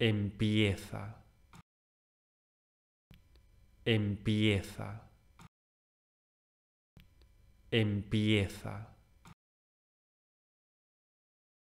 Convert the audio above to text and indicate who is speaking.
Speaker 1: empieza, empieza, empieza.